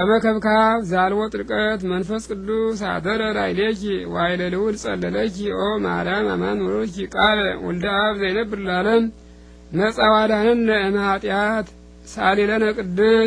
ከመከብካብ ዛልወ ጥልቀት መንፈስ ቅዱስ አደረ ላዕሌኪ ዋይለ ልዑል ጸለለኪ ኦ ማርያም አማን ወሮኪ ቃለ ወልደ አብ ዘይነብር ላለም ነጻ ዋዳንን ለእመ ኃጢአት ሳሊለነ ቅድስት